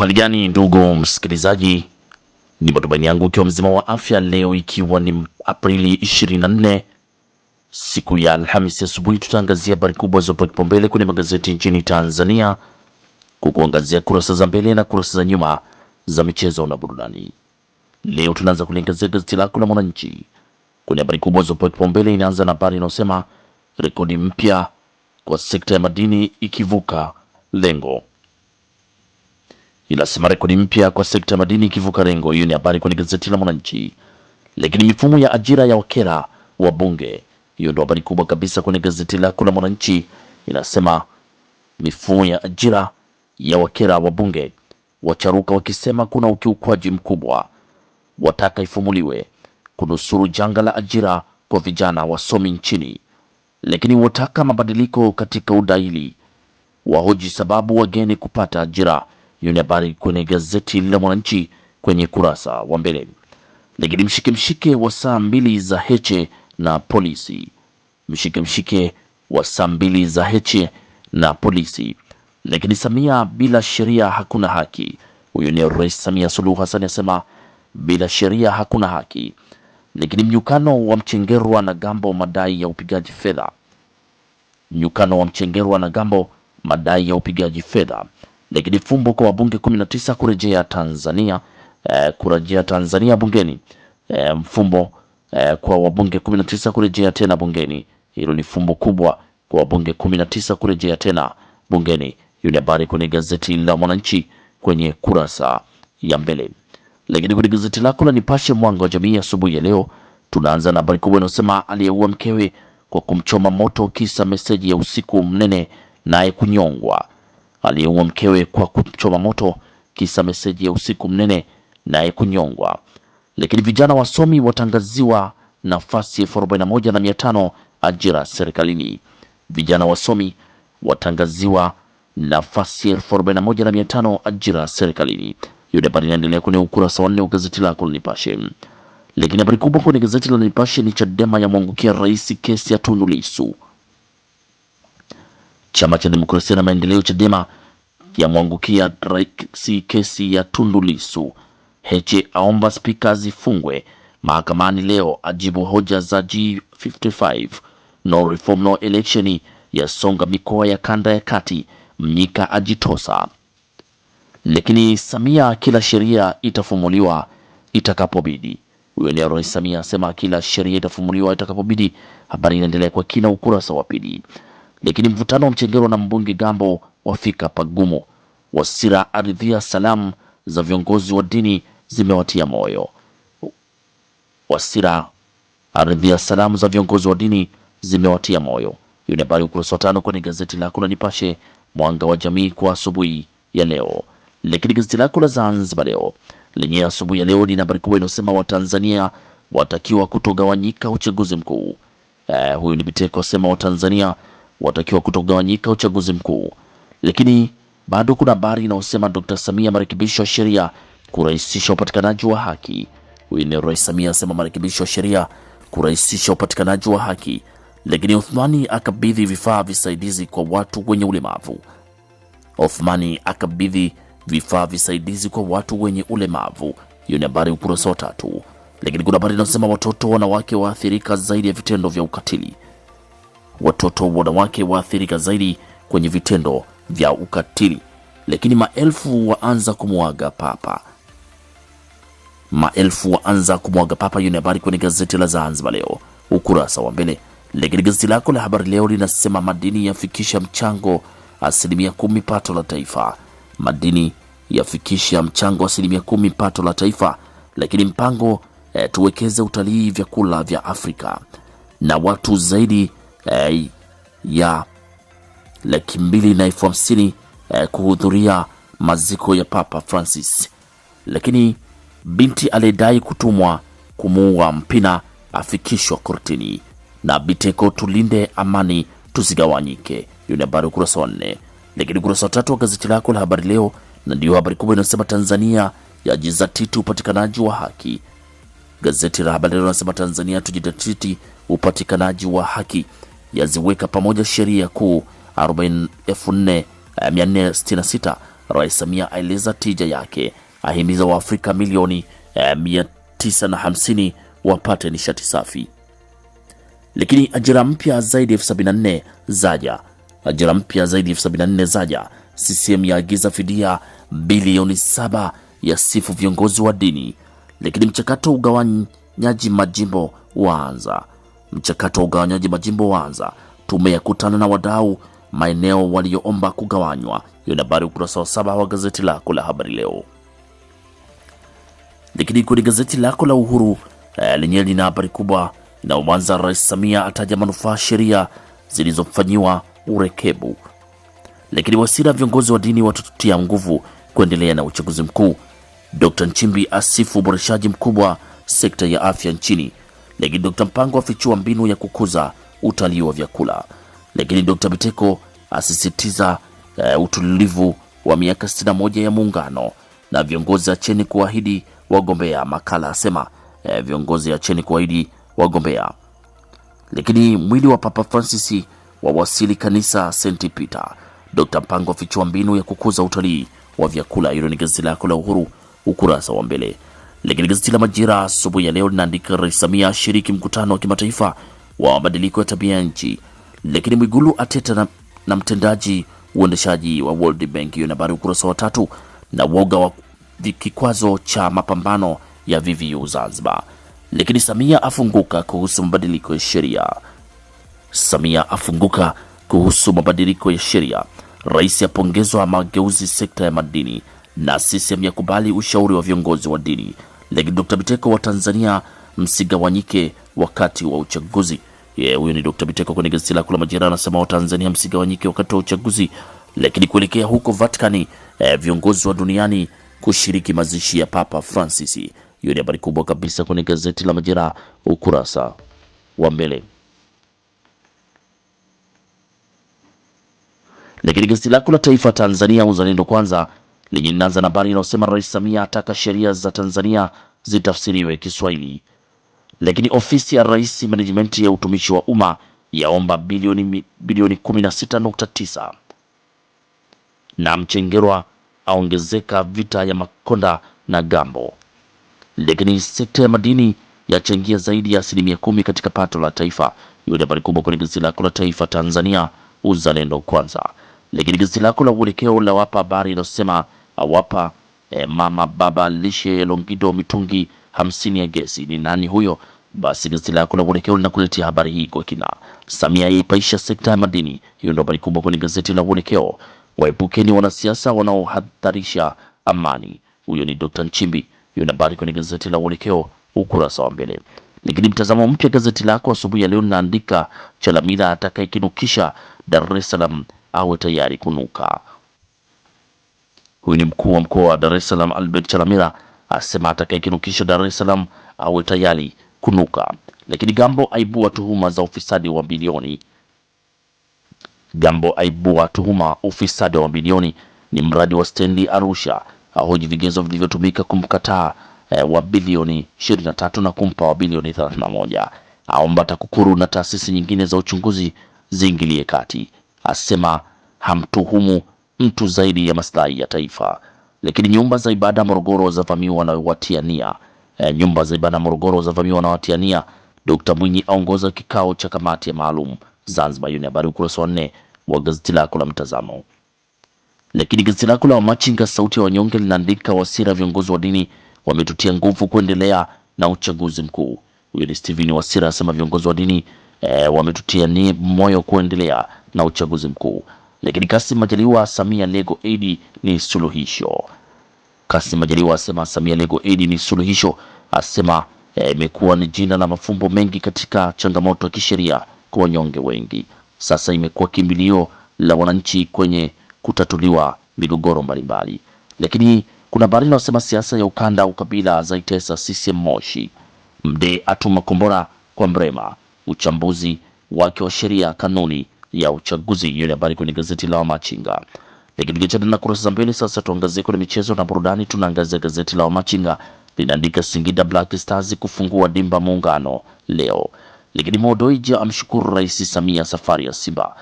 Hali gani ndugu msikilizaji, ni matumaini yangu ukiwa mzima wa afya leo, ikiwa ni Aprili 24 siku ya Alhamisi asubuhi. Tutaangazia habari kubwa zilizopewa kipaumbele kwenye magazeti nchini Tanzania, kukuangazia kurasa za mbele na kurasa za nyuma za michezo na burudani. Leo tunaanza kuliangazia gazeti lako la Mwananchi kwenye habari kubwa zilizopewa kipaumbele. Inaanza na habari inayosema rekodi mpya kwa sekta ya madini ikivuka lengo inasema rekodi mpya kwa sekta ya madini ikivuka rengo. Hiyo ni habari kwenye gazeti la Mwananchi. Lakini mifumo ya ajira ya wakera wa bunge, hiyo ndio habari kubwa kabisa kwenye gazeti lako la Mwananchi. Inasema mifumo ya ajira ya wakera wa bunge, wacharuka wakisema kuna ukiukwaji mkubwa, wataka ifumuliwe kunusuru janga la ajira kwa vijana wasomi nchini. Lakini wataka mabadiliko katika udaili, wahoji sababu wageni kupata ajira hiyo ni habari kwenye gazeti la Mwananchi kwenye kurasa wa mbele. Lakini mshike mshike wa saa mbili za Heche na polisi, mshike mshike wa saa mbili za Heche na polisi. Lakini Samia, bila sheria hakuna haki. Huyu ni Rais Samia Suluhu Hassan asema bila sheria hakuna haki. Lakini mnyukano wa Mchengerwa na Gambo madai ya upigaji fedha, mnyukano wa Mchengerwa na Gambo madai ya upigaji fedha. Lakini fumbo kwa wabunge 19 kurejea Tanzania, eh, kurejea Tanzania bungeni. Eh, mfumbo eh, kwa wabunge 19 kurejea tena bungeni. Hilo ni fumbo kubwa kwa wabunge 19 kurejea tena bungeni. Hiyo ni habari kwenye gazeti la Mwananchi kwenye kurasa ya mbele. Lakini kwenye gazeti lako la Nipashe mwanga wa jamii asubuhi ya leo tunaanza na habari kubwa inayosema aliyeua mkewe kwa kumchoma moto kisa meseji ya usiku mnene naye kunyongwa aliyeumwa mkewe kwa kuchoma moto, kisa meseji ya usiku mnene, naye kunyongwa. Lakini vijana wasomi watangaziwa nafasi na tano ajira serikalini. Vijana wasomi watangaziwa nafasi elfu na tano ajira serikalini. Hiyo habari inaendelea kwenye ukurasa wa nne wa gazeti lako la Nipashe. Lakini habari kubwa kwenye gazeti la Nipashe ni Chadema yamwangukia rais kesi ya Tundu Lissu. Chama cha Demokrasia na Maendeleo Chadema yamwangukia rais kesi ya Tundu Lissu. Heche aomba spika zifungwe mahakamani leo, ajibu hoja za G55. No reform no election yasonga mikoa ya kanda ya kati. Mnyika ajitosa. Lakini Samia, kila sheria itafumuliwa itakapobidi. Huyo ni Rais Samia asema kila sheria itafumuliwa itakapobidi. Habari inaendelea kwa kina ukurasa wa pili lakini mvutano wa Mchengerwa na mbunge Gambo wafika pagumu. Wasira aridhia salamu za viongozi wa dini zimewatia moyo. Wasira aridhia salamu za viongozi wa dini zimewatia moyo. Hiyo ni habari ukurasa wa tano kwenye gazeti lako la Nipashe mwanga wa jamii kwa asubuhi ya leo. Lakini gazeti lako la Zanzibar leo lenye asubuhi ya leo lina habari kubwa inayosema Watanzania watakiwa kutogawanyika uchaguzi mkuu. Eh, huyu ni Biteko asema Watanzania watakiwa kutogawanyika uchaguzi mkuu, lakini bado kuna habari inayosema Dr. Samia marekebisho ya sheria kurahisisha upatikanaji wa haki. Huyu ni Rais Samia asema marekebisho ya sheria kurahisisha upatikanaji wa haki, lakini Uthmani akabidhi vifaa visaidizi kwa watu wenye ulemavu. Uthmani akabidhi vifaa visaidizi kwa watu wenye ulemavu. Hiyo ni habari ukurasa wa tatu, lakini kuna habari inayosema watoto wanawake waathirika zaidi ya vitendo vya ukatili watoto wanawake waathirika zaidi kwenye vitendo vya ukatili, lakini maelfu waanza kumwaga papa. Maelfu waanza kumwaga papa. Hiyo ni habari kwenye gazeti la Zanzibar Leo ukurasa wa mbele. Lakini gazeti lako la Habari Leo linasema madini yafikisha mchango asilimia kumi pato la taifa. Madini yafikisha mchango asilimia kumi pato la taifa. Lakini mpango e, tuwekeze utalii vyakula vya Afrika na watu zaidi eh, ya laki mbili na elfu hamsini eh, kuhudhuria maziko ya Papa Francis. Lakini binti aliyedai kutumwa kumuua Mpina afikishwa kortini. Na Biteko, tulinde amani tusigawanyike. Hiyo ni habari ukurasa wa nne, lakini ukurasa wa tatu wa gazeti lako la Habari Leo na ndiyo habari kubwa inasema Tanzania yajizatiti upatikanaji wa haki. Gazeti la Habari Leo linasema Tanzania tujidhatiti upatikanaji wa haki yaziweka pamoja sheria kuu 44466. Eh, Rais Samia aeleza tija yake, ahimiza Waafrika milioni 950 eh, wapate nishati safi. Lakini ajira mpya zaidi ya 74 zaja, ajira mpya zaidi ya 74 zaja. CCM yaagiza fidia bilioni saba ya sifu viongozi wa dini. Lakini mchakato ugawanyaji majimbo waanza mchakato wa ugawanyaji majimbo waanza, tume ya kutana na wadau maeneo walioomba kugawanywa. Hiyo ni habari ukurasa wa saba wa gazeti lako la habari leo. Lakini kwenye gazeti lako la Uhuru eh, lenyewe lina habari kubwa inayoanza Rais Samia ataja manufaa sheria zilizofanyiwa urekebu. Lakini Wasira, viongozi wa dini watatutia nguvu kuendelea na uchaguzi mkuu. Dr Nchimbi asifu uboreshaji mkubwa sekta ya afya nchini lakini Dr. Mpango afichua mbinu ya kukuza utalii wa vyakula, lakini Dr. Biteko asisitiza uh, utulivu wa miaka 61 ya Muungano, na viongozi acheni kuahidi wagombea. Makala asema uh, viongozi acheni kuahidi wagombea. Lakini mwili wa Papa Francis wawasili kanisa St Peter. Dr. Mpango afichua mbinu ya kukuza utalii wa vyakula. Hilo ni gazeti lako la Uhuru ukurasa wa mbele. Lakini gazeti la Majira asubuhi ya leo linaandika Rais Samia ashiriki mkutano wa kimataifa wa mabadiliko ya tabia nchi, lakini Mwigulu ateta na, na mtendaji uendeshaji wa World Bank. Hiyo ni habari ukurasa wa tatu, na woga wa kikwazo cha mapambano ya VVU Zanzibar, lakini Samia afunguka kuhusu mabadiliko ya sheria. Samia afunguka kuhusu mabadiliko ya sheria. Rais apongezwa mageuzi sekta ya madini, na CCM yakubali ushauri wa viongozi wa dini. Lakini Dr. Biteko wa Tanzania, msigawanyike wakati wa uchaguzi. Huyo yeah, ni Dr. Biteko kwenye gazeti lako la Majira, anasema Watanzania msigawanyike wakati wa uchaguzi. Lakini kuelekea huko Vatikani, eh, viongozi wa duniani kushiriki mazishi ya Papa Francis. Hiyo ni habari kubwa kabisa kwenye gazeti la Majira ukurasa wa mbele. Lakini gazeti lako la Taifa Tanzania, uzalendo kwanza lenye linaanza na habari inayosema Rais Samia ataka sheria za Tanzania zitafsiriwe Kiswahili. Lakini ofisi ya rais management ya utumishi wa umma yaomba bilioni, bilioni 16.9 na Mchengerwa aongezeka vita ya Makonda na Gambo. Lakini sekta ya madini yachangia zaidi ya asilimia kumi katika pato la taifa. Yule habari kubwa kwenye gazeti lako la Taifa Tanzania, uzalendo kwanza. Lakini gazeti lako la Uelekeo la wapa habari inayosema awapa e, mama baba lishe Longido mitungi hamsini ya gesi. Ni nani huyo? Basi gazeti lako la Uelekeo linakuletea habari hii kwa kina. Samia yaipaisha sekta ya madini. Hiyo ndio habari kubwa kwenye gazeti la Uelekeo. Waepukeni wanasiasa wanaohatarisha amani. Huyo ni Dr. Nchimbi. Hiyo ni habari kwenye gazeti la Uelekeo ukurasa wa mbele. Lakini mtazamo mpya gazeti lako asubuhi ya leo linaandika Chalamila atakayekinukisha Dar es Salaam awe tayari kunuka. Huyu ni mkuu wa mkoa wa Dar es Salaam Albert Chalamila asema atakayekinukisha Dar es Salaam awe tayari kunuka. Lakini Gambo aibua tuhuma za ufisadi wa bilioni. Gambo aibua tuhuma ufisadi wa bilioni. Ni mradi wa stendi Arusha, ahoji vigezo vilivyotumika kumkataa e, wa bilioni 23 na kumpa wa bilioni 31. Aomba TAKUKURU na taasisi nyingine za uchunguzi ziingilie kati, asema hamtuhumu mtu zaidi ya maslahi ya taifa. Lakini nyumba za ibada Morogoro zavamiwa na watiania e, nyumba za ibada Morogoro zavamiwa na watiania. Dkt Mwinyi aongoza kikao cha kamati ya maalum Zanzibar. Hiyo ni habari ukurasa wa nne wa gazeti lako la Mtazamo. Lakini gazeti lako la Wamachinga sauti ya wa wanyonge linaandika Wasira, viongozi wa dini wametutia nguvu kuendelea na uchaguzi mkuu. Huyo ni Steven Wasira asema viongozi wa dini e, wametutia ni moyo kuendelea na uchaguzi mkuu lakini Kassim Majaliwa, Samia Lego Aid ni suluhisho. Kassim Majaliwa asema Samia Lego Aid ni suluhisho, asema eh, imekuwa e, ni jina la mafumbo mengi katika changamoto ya kisheria kwa wanyonge wengi, sasa imekuwa kimbilio la wananchi kwenye kutatuliwa migogoro mbalimbali. Lakini kuna habari inayosema siasa ya ukanda ukabila zaitesa CCM Moshi, Mdee atuma kombora kwa Mrema, uchambuzi wake wa sheria kanuni ya uchaguzi. Hiyo ni habari kwenye gazeti la Wamachinga. Lakini chana na kurasa za mbele. Sasa tuangazie kwenye michezo na burudani, tunaangazia gazeti la Wamachinga linaandika Singida Black Stars kufungua dimba muungano leo. Lakini Modoija amshukuru Rais Samia safari ya Simba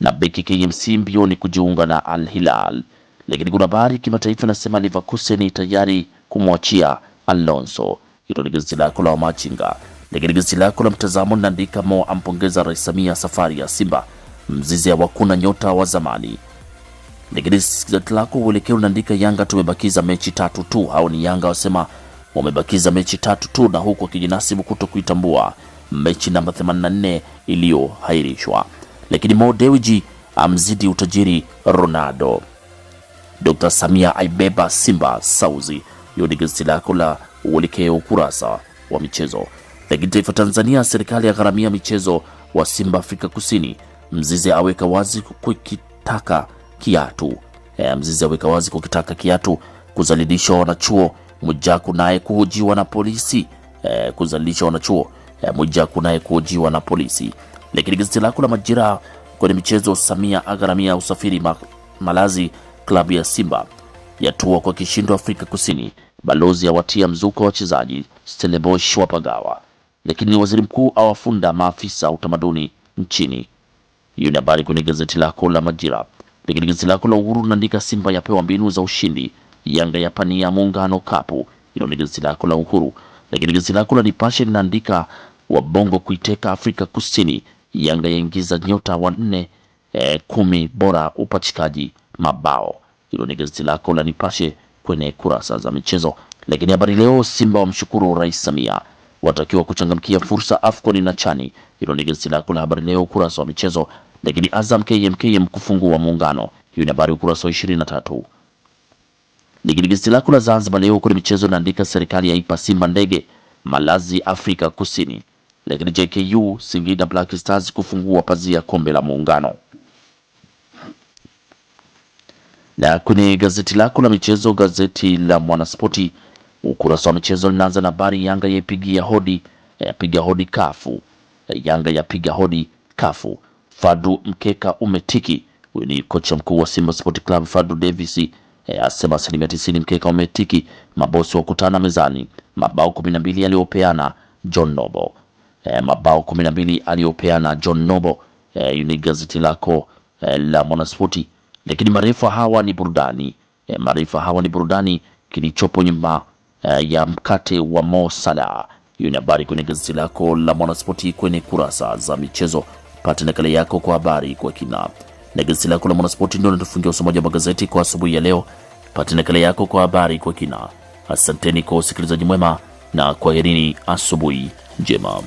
na beki KMC mbioni kujiunga na Al Hilal. Lakini kuna habari kimataifa nasema Leverkusen tayari kumwachia Alonso. Hilo ni gazeti lako la Wamachinga. Lakini gazeti lako la Mtazamo linaandika Mo ampongeza Rais Samia safari ya Simba, ya wakuna nyota wa zamani. Lakini gazeti lako Uelekeo linaandika Yanga tumebakiza mechi tatu tu. au ni Yanga wasema wamebakiza mechi tatu tu, na huku akijinasibu kuto kuitambua mechi namba 84 iliyohairishwa. Lakini Mo Dewji amzidi utajiri Ronaldo. Dr. Samia aibeba Simba sauzi. Hiyo ni gazeti lako la Uelekeo, ukurasa wa michezo. Lakini Taifa Tanzania, serikali ya gharamia michezo wa Simba Afrika Kusini. Mzize aweka wazi kukitaka kiatu. E, Mzize aweka wazi kukitaka kiatu kuzalilishwa wanachuo. Mwijaku naye kuhojiwa na polisi e, kuzalilisha wanachuo e, Mwijaku naye kuhojiwa na polisi. Lakini gazeti lako la Majira kwenye michezo, Samia agharamia usafiri ma, malazi klabu ya Simba yatua kwa kishindo Afrika Kusini. Balozi awatia mzuko wachezaji, Stellenbosch wapagawa lakini waziri mkuu awafunda maafisa utamaduni nchini. Hiyo ni habari kwenye gazeti lako la Majira. Lakini gazeti lako la Uhuru linaandika Simba yapewa mbinu za ushindi, Yanga yapania muungano kapu. Hilo ni gazeti lako la Uhuru. Lakini gazeti lako la Nipashe linaandika wabongo kuiteka Afrika Kusini, Yanga yaingiza nyota wa nne e, kumi bora upachikaji mabao. Hilo ni gazeti lako la Nipashe kwenye kurasa za michezo. Lakini habari leo Simba wamshukuru Rais Samia watakiwa kuchangamkia fursa Afcon na Chani. Hilo ni gazeti lako la habari leo ukurasa wa michezo. Lakini Azam KMKM kufungua muungano, hiyo ni habari ukurasa wa 23. Lakini gazeti lako la Zanzibar leo kwenye michezo linaandika serikali yaipa Simba ndege malazi Afrika Kusini. Lakini JKU Singida Black Stars kufungua pazia kombe la muungano. Na kwenye gazeti lako la michezo, gazeti la Mwanaspoti Ukurasa wa michezo linaanza na habari Yanga yaipigia hodi eh, yapiga hodi kafu eh, Yanga yapiga hodi kafu. Fadu mkeka umetiki. Huyu ni kocha mkuu wa Simba Sport Club Fadu Davis eh, asema asilimia tisini mkeka umetiki. Mabosi wakutana mezani. Mabao kumi na mbili aliyopeana John Nobo e, mabao kumi na mbili aliyopeana John Nobo e, ni gazeti lako e, la Mwanaspoti. Lakini maarifa hawa ni burudani e, maarifa hawa ni burudani kilichopo nyumba Eh, ya mkate wa Mo Salah. Hiyo ni habari kwenye gazeti lako la Mwanaspoti kwenye kurasa za michezo. Pata nakala yako kwa habari kwa kina na gazeti lako la Mwanaspoti. Ndio natufungia usomaji wa magazeti kwa asubuhi ya leo. Pata nakala yako kwa habari kwa kina. Asanteni kwa usikilizaji mwema na kwaherini, asubuhi njema.